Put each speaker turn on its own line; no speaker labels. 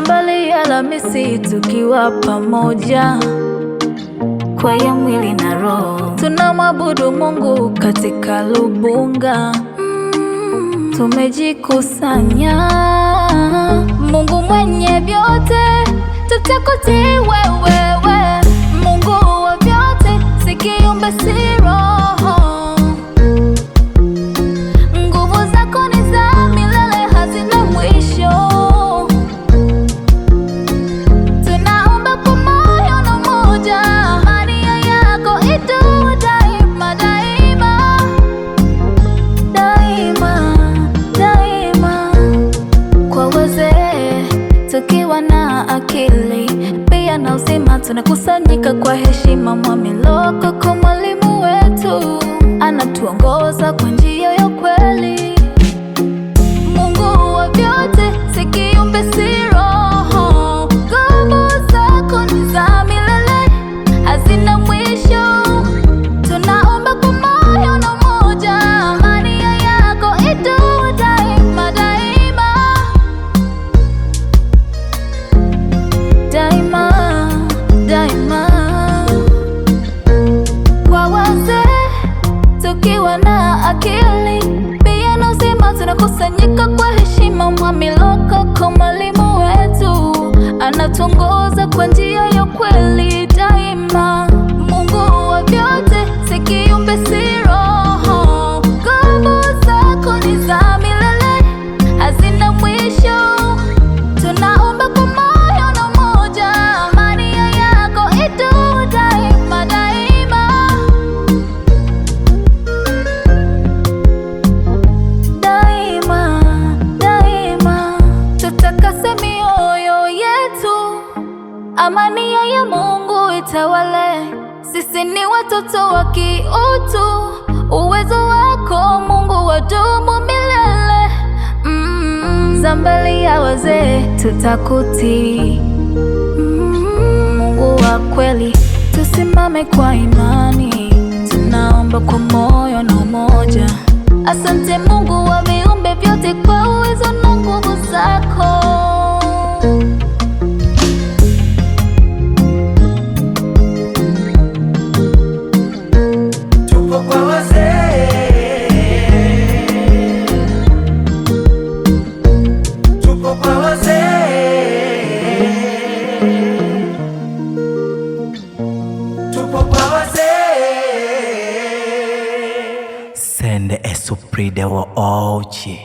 Jumapili, Alhamisi tukiwa pamoja, kwa ya mwili na roho tunamwabudu Mungu katika Lubunga. Mm, tumejikusanya. Mungu mwenye vyote, tutakute wewe, Mungu wa vyote, si kiumbe si tukiwa na akili pia na uzima, tunakusanyika kwa heshima. Mwamiloko kwa mwalimu wetu, anatuongoza kwenye ukiwa na akili pia nausema, tunakusanyika kwa heshima Amani ya Mungu itawale, sisi ni watoto wa kiutu. Uwezo wako Mungu wadumu milele. Mm, zambali ya wazee tutakutii. Mm, mm-hmm. Mungu wa kweli, tusimame kwa imani, tunaomba kwa moyo na umoja. Asante.
to pray, they will all cheer.